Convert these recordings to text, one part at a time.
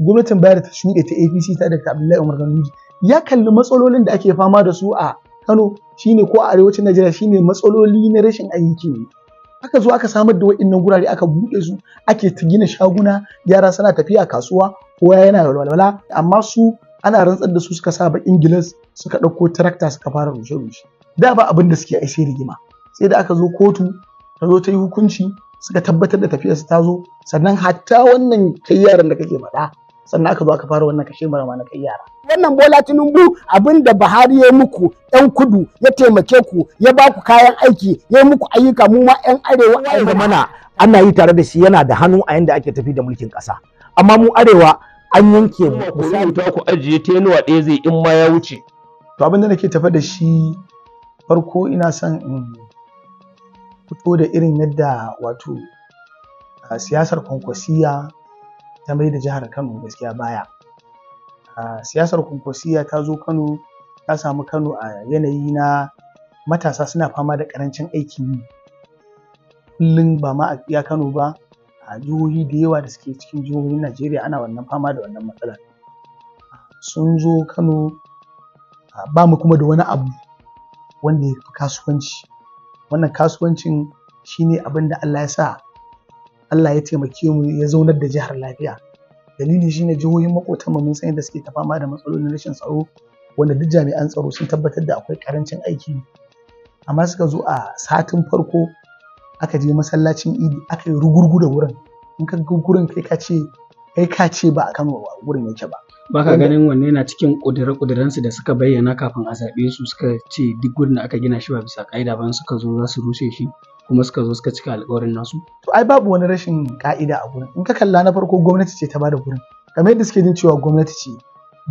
gwamnatin bayar ta shuɗe ta APC ta da Abdullahi Umar Ganduje ya kalli matsalolin da ake fama da su a Kano shine ko a arewacin Najeriya shine matsaloli na rashin aiki ne aka zo aka samar da waɗannan gurare aka buɗe su ake ta gina shaguna yara suna tafiya kasuwa kowa yana walwala amma su ana rantsar da su suka sa baƙin gilas suka ɗauko tarakta suka fara rushe-rushe da ba abin da suke aise rigima sai da aka zo kotu ta zo ta yi hukunci suka tabbatar da tafiyarsu ta zo sannan hatta wannan kai yaran da kake faɗa sannan aka zo aka fara wannan kashe mara na kai yara wannan bola tinubu abin da buhari ya muku yan kudu ya taimake ku ya ba ku kayan aiki ya muku ayyuka mu ma yan arewa a mana ana yi tare da shi yana da hannu a yanda ake tafi da mulkin ƙasa, amma mu arewa an yanke mu ku rubuta ku ajiye tenuwa ɗaya zai in ma ya wuce to abin da nake tafa da shi farko ina son in fito da irin yadda wato siyasar kwankwasiya ta mai da jihar Kano gaskiya baya. Siyasar kwankwasiya ta zo Kano ta samu Kano a yanayi na matasa suna fama da ƙarancin aikin yi. Kullum ba ma a iya Kano ba a jihohi da yawa da suke cikin jihohin Najeriya ana wannan fama da wannan matsalar. Sun zo Kano ba mu kuma da wani abu wanda ya fi kasuwanci. Wannan kasuwancin shine abin da Allah ya sa Allah ya taimake mu ya zaunar da jihar lafiya dalili shine jihohin makotan mun san da suke ta fama da matsalolin rashin tsaro wanda duk jami'an tsaro sun tabbatar da akwai karancin aiki amma suka zo a satin farko aka je masallacin idi aka yi rugurgu da wurin in ka ga gurin kai ka ce kai ka ce ba a kano ba gurin yake ba ba ka ganin wanne yana cikin ƙudure su da suka bayyana kafin a zaɓe su suka ce duk gurin da aka gina shi ba bisa ƙa'ida ba suka zo za su rushe shi kuma suka zo suka cika alƙawarin nasu to ai babu wani rashin ka'ida a gurin in ka kalla na farko gwamnati ce ta bada gurin kamar yadda suke jin cewa gwamnati ce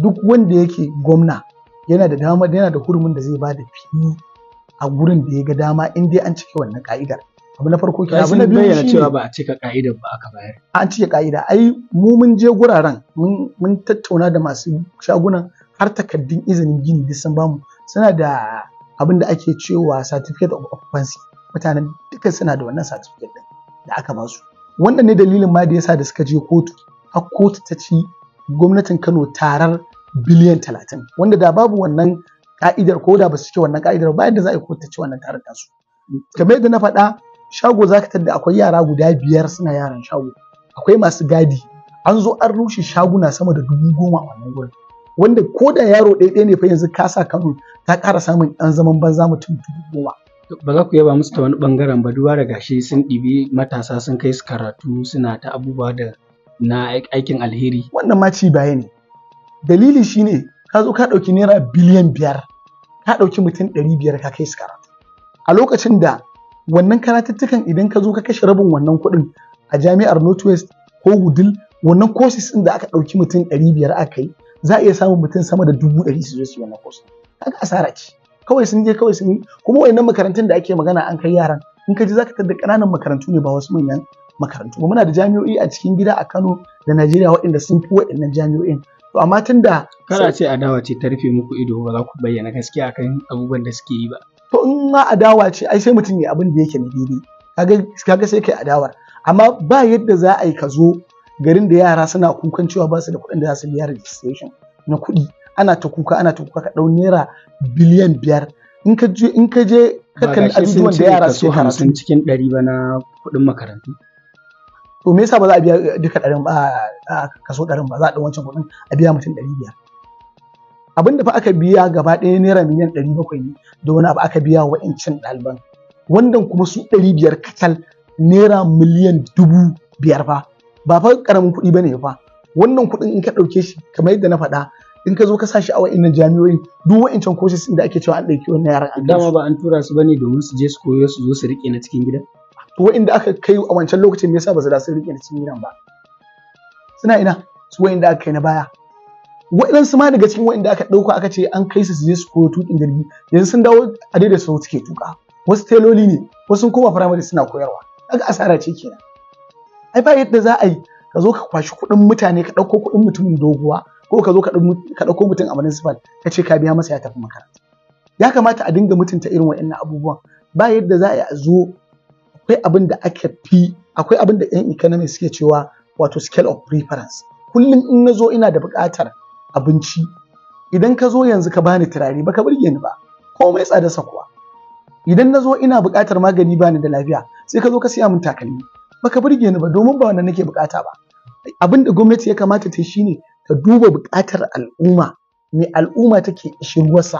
duk wanda yake gwamna yana da dama yana da hurumin da zai bada fili a gurin da ya ga dama in dai an cike wannan ka'idar abu na farko ke abu na biyu shi cewa ba a cika ka'idar ba aka bayar an cike ka'ida ai mu mun je guraren mun tattauna da masu shagunan har takaddun izinin gini duk sun bamu suna da abin da ake cewa certificate of occupancy mutanen duka suna da wannan certificate din da aka ba su wannan ne dalilin ma da yasa da suka je kotu har kotu ta ci gwamnatin Kano tarar biliyan talatin wanda da babu wannan ka'idar ko da ba su ci wannan ka'idar ba da za a yi kotu ta ci wannan tarar tasu kamar yadda na faɗa shago za ka tadda akwai yara guda biyar suna yaran shago akwai masu gadi an zo an rushe shaguna sama da dubu goma a wannan gurin wanda ko da yaro ɗaya ne fa yanzu ka sa kano ta ƙara samun ɗan zaman banza mutum dubu goma ba za ku yaba musu ta wani ɓangaren ba duba da gashi sun ɗibi matasa sun kai su karatu suna ta abubuwa da na aikin alheri. Wannan ma ci baya ne. Dalili shine ka zo ka ɗauki naira biliyan biyar ka ɗauki mutum ɗari biyar ka kai su karatu. A lokacin da wannan karatuttukan idan ka zo ka kashe rabin wannan kuɗin a jami'ar West ko Wudil wannan courses ɗin da aka ɗauki mutum ɗari biyar aka yi za a iya samun mutum sama da dubu ɗari su zo su yi wannan course. Kaga asara ce. kawai sun je kawai sun yi kuma wayannan makarantun da ake magana an kai yaran in ka ji zaka tada ƙananan makarantu ne ba wasu manyan makarantu muna da jami'o'i a cikin gida a Kano da Najeriya waɗanda sun fi waɗannan jami'o'in to amma tun da kana ce adawa ce ta rufe muku ido ba za ku bayyana gaskiya akan abubuwan da suke yi ba to in ma adawa ce ai sai mutum ya abin da yake na daidai kaga kaga sai kai adawar amma ba yadda za a yi ka zo garin da yara suna kukan cewa ba su da kuɗin da za su biya registration na kuɗi ana ta kuka ana ta kuka ka ɗau naira biliyan biyar in ka je in ka je ka kalli abubuwan da yara suke karatu cikin ɗari ba na kuɗin makarantu to me yasa ba za a biya duka ɗarin ba a kaso ɗarin ba za a ɗau wancan kuɗin a biya mutum ɗari biyar abin da fa aka biya gaba ɗaya naira miliyan ɗari bakwai ne da wani abu aka biya wa'incan ɗaliban wannan kuma su ɗari biyar kacal naira miliyan dubu biyar fa ba fa ƙaramin kuɗi ba ne fa wannan kuɗin in ka ɗauke shi kamar yadda na faɗa in ka zo ka sashi a wa'annan jami'o'i duk wa'ancan courses da ake cewa an ɗauki wannan yaran an dama ba an tura su bane domin su je su koyo su zo su rike na cikin gida to wa'anda aka kai a wancan lokacin me yasa ba su da sun rike na cikin gidan ba suna ina su da aka kai na baya su ma daga cikin da aka ɗauka aka ce an kai su su je su koyo tuƙin jirgi yanzu sun dawo a da su suke tuka wasu teloli ne wasu koma firamare suna koyarwa kaga asara ce kenan ai ba yadda za a yi ka zo ka kwashi kuɗin mutane ka ɗauko kuɗin mutumin doguwa ko ka zo ka ɗauko mutum a municipal ka ce ka biya masa ya tafi makaranta ya kamata a dinga mutunta irin wa'annan abubuwan ba yadda za a zo akwai abin da ake fi akwai abin da yan economy suke cewa wato scale of preference kullum in na zo ina da buƙatar abinci idan ka zo yanzu ka bani turare baka burge ni ba komai tsada sakuwa. idan na zo ina buƙatar magani bani da lafiya sai ka zo ka siya min takalmi baka burge ni ba domin ba wannan nake buƙata ba abin da gwamnati ya kamata ta yi shine ka duba buƙatar al'umma me al'umma take ishirwarsa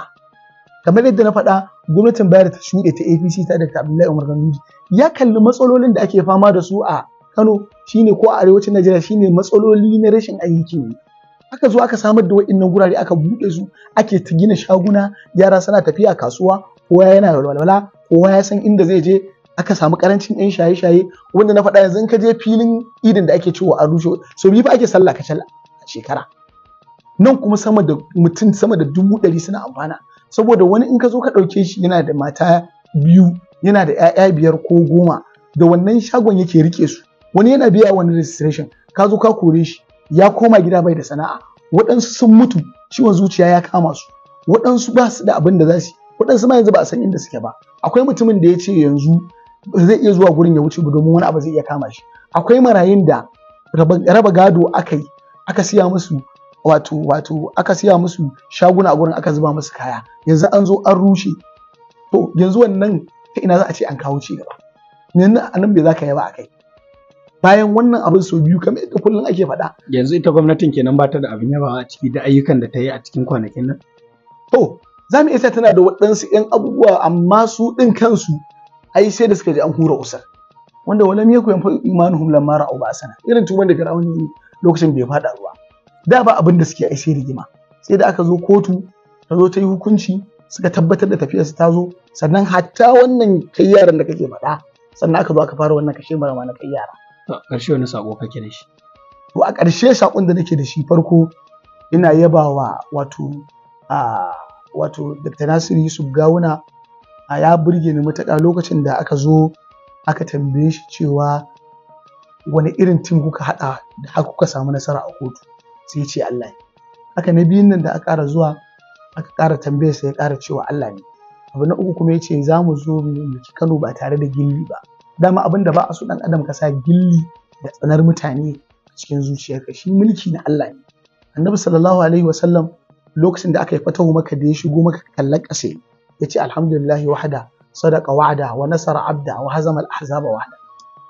kamar yadda na faɗa gwamnatin bayar ta shuɗe ta apc ta da abdullahi umar ganduje ya kalli matsalolin da ake fama da su a kano shine ko a arewacin najeriya shine matsaloli na rashin aiki ne aka zo aka samar da waɗannan gurare aka buɗe su ake ta gina shaguna yara suna tafiya kasuwa kowa yana walwala kowa ya san inda zai je aka samu karancin yan shaye-shaye wanda na faɗa yanzu in ka je filin idin da ake cewa a rushe so biyu fa ake sallah ka sallah shekara nan kuma sama da mutum sama da dubu ɗari suna amfana saboda wani in ka zo ka ɗauke shi yana da mata biyu yana da 'ya'ya biyar ko goma da wannan shagon yake rike su wani yana biya wani registration ka zo ka kore shi ya koma gida bai da sana'a waɗansu sun mutu ciwon zuciya ya kama su waɗansu ba su da abin da za su waɗansu ma yanzu ba a san inda suke ba akwai mutumin da ya ce yanzu zai iya zuwa gurin ya wuce domin wani abu zai iya kama shi akwai marayun da raba gado aka yi aka siya musu wato wato aka siya musu shaguna a gurin aka zuba musu kaya yanzu an zo an rushe to yanzu wannan ta ina za a ce an kawo ci gaba yanzu a nan bai za ka yaba a kai bayan wannan abin sau biyu kamar yadda kullum ake faɗa yanzu ita gwamnatin kenan ba ta da abin yaba a ciki da ayyukan da ta yi a cikin kwanakin nan to za mu iya tana da waɗansu 'yan abubuwa amma su ɗin kansu ai sai da suka ji an hura usar wanda wani me ku yan imanuhum lamma ra'u ba sana irin tuban da firawun lokacin bai faɗa ruwa da ba abin da suke ai sai rigima sai da aka zo kotu ta zo ta yi hukunci suka tabbatar da tafiyarsa ta zo sannan hatta wannan kai yaran da kake faɗa sannan aka zo aka fara wannan kashe mara na kai yara a ƙarshe wani sako kake da shi to a ƙarshe sakon da nake da shi farko ina yabawa wato a wato Dr. Nasiru Yusuf Gawuna a ya burge ni mutaka lokacin da aka zo aka tambaye shi cewa wani irin tim kuka haɗa da haka kuka samu nasara a kotu sai ce Allah ne haka na biyun nan da aka ƙara zuwa aka ƙara tambayar sai ya ƙara cewa Allah ne abu na uku kuma ya ce za mu zo mu ki Kano ba tare da gilli ba dama abin da ba a so ɗan adam ka sa gilli da tsanar mutane a cikin zuciyarka shi mulki na Allah ne annabi sallallahu alaihi wasallam lokacin da aka yi fatahu maka da ya shigo maka kallan ƙasa ya ce alhamdulillahi wahada sadaqa wa'ada wa nasara abda wa hazama al-ahzaba wahada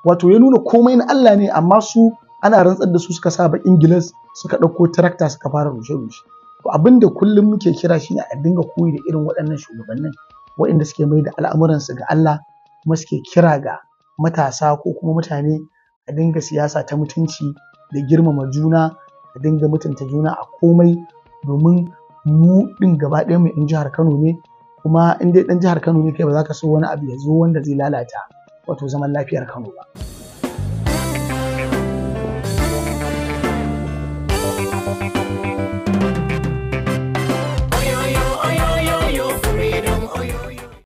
wato ya nuna komai na Allah ne amma su ana rantsar da su suka sa bakin gilas suka ɗauko tarakta suka fara rushe-rushe to abin da kullum muke kira shi ne a dinga koyi da irin waɗannan shugabannin waɗanda suke mai da al'amuransu ga Allah kuma suke kira ga matasa ko kuma mutane a dinga siyasa ta mutunci da girmama juna a dinga mutunta juna a komai domin mu ɗin gaba ɗaya mu in jihar Kano ne kuma in dai ɗan jihar Kano ne kai ba za ka so wani abu ya zo wanda zai lalata wato zaman lafiyar Kano ba.